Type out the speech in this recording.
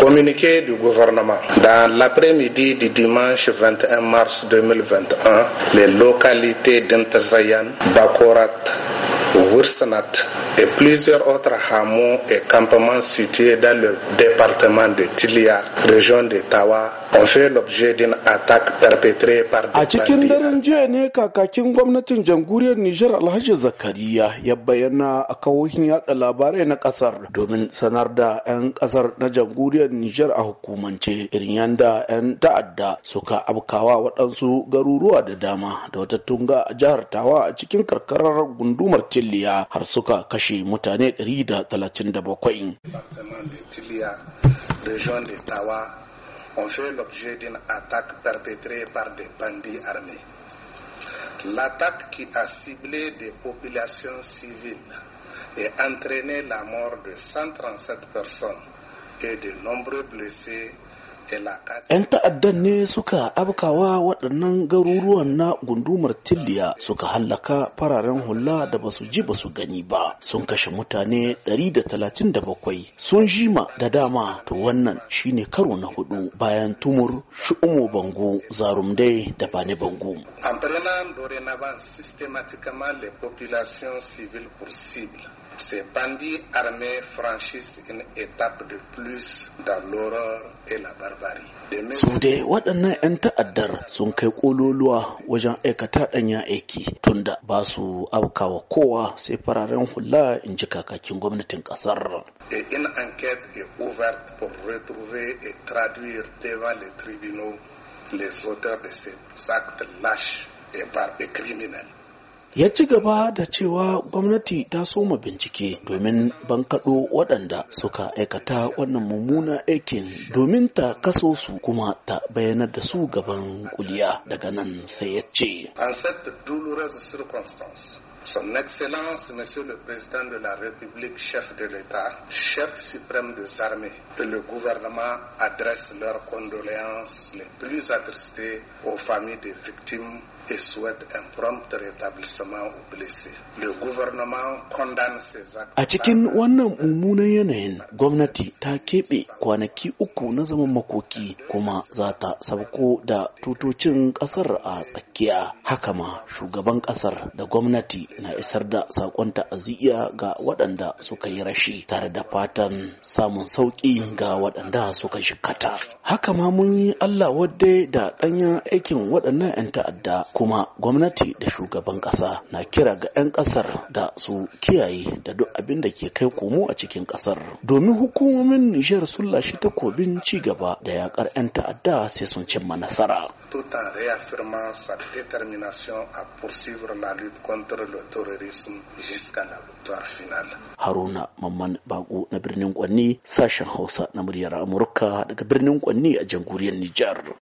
Communiqué du gouvernement. Dans l'après-midi du dimanche 21 mars 2021, les localités d'Intazayan, Bakorat, Wursanat et plusieurs autres hameaux et campements situés dans le département de Tilia, région de Tawa, A cikin daren jiya ne kakakin gwamnatin jamhuriyar Nijar Alhaji Zakariya ya bayyana a kawohin yada labarai na kasar domin sanar da 'yan kasar na jamhuriyar Nijar a hukumance irin yanda 'yan ta'adda suka abkawa waɗansu garuruwa da dama da wata tunga a jihar Tawa a cikin karkarar gundumar Tiliya har suka kashe mutane 137. Region de Tawa ont fait l'objet d'une attaque perpétrée par des bandits armés. L'attaque qui a ciblé des populations civiles et entraîné la mort de 137 personnes et de nombreux blessés 'Yan ta'addan ne suka abkawa waɗannan garuruwan na gundumar Tilliya suka hallaka fararen hula da ba su ji ba su gani ba. Sun kashe mutane 137 sun jima da dama to wannan shine karo na hudu bayan tumur shu'umu bango zarumdai da bane bango. En prenant dorénavant systématiquement les populations civiles pour cible, Ces bandits armés franchissent une étape de plus dans l'horreur et la barbarie. Su dai waɗannan 'yan ta'addar sun kai ƙololuwa wajen aikata ɗanyen aiki tunda ba su afkawa kowa sai fararen hula in ji kakakin gwamnatin ƙasar. Et une enquête est ouverte pour retrouver et traduire devant les tribunaux les auteurs de ces actes lâches et des criminels. ya ci gaba da cewa gwamnati ta soma bincike domin bankaɗo waɗanda suka aikata wannan mummuna aikin domin ta kaso su kuma ta bayanar da su gaban kuliya daga nan sai ya ce Son Excellence, Monsieur le Président de la République, chef de l'État, chef suprême des armées, que le gouvernement adresse leurs condoléances les plus attristées aux familles des victimes et souhaite un prompt rétablissement aux blessés. Le gouvernement condamne ces A cikin wannan mummunan yanayin gwamnati ta keɓe kwanaki uku na zaman makoki kuma za ta sauko da tutocin ƙasar a tsakiya. Haka ma shugaban ƙasar da gwamnati na isar da saƙon ta'aziyya ga waɗanda suka yi rashi tare da fatan samun sauƙi ga waɗanda suka shikata. Haka ma mun yi Allah wadda da ɗanyen aikin waɗannan 'yan ta'adda kuma gwamnati da shugaban ƙasa na kira ga 'yan ƙasar da su kiyaye da duk abin da ke kai komo a cikin ƙasar domin hukumomin nijar sun lashe takobin ci gaba da yakar 'yan ta'adda sai sun cimma nasara tout en réaffirmant sa détermination à poursuivre la lutte contre le terrorisme jusqu'à la Haruna Mamman Bago na birnin Kwanni sashen Hausa na muryar Amurka daga birnin Kwanni a jamhuriyar Nijar.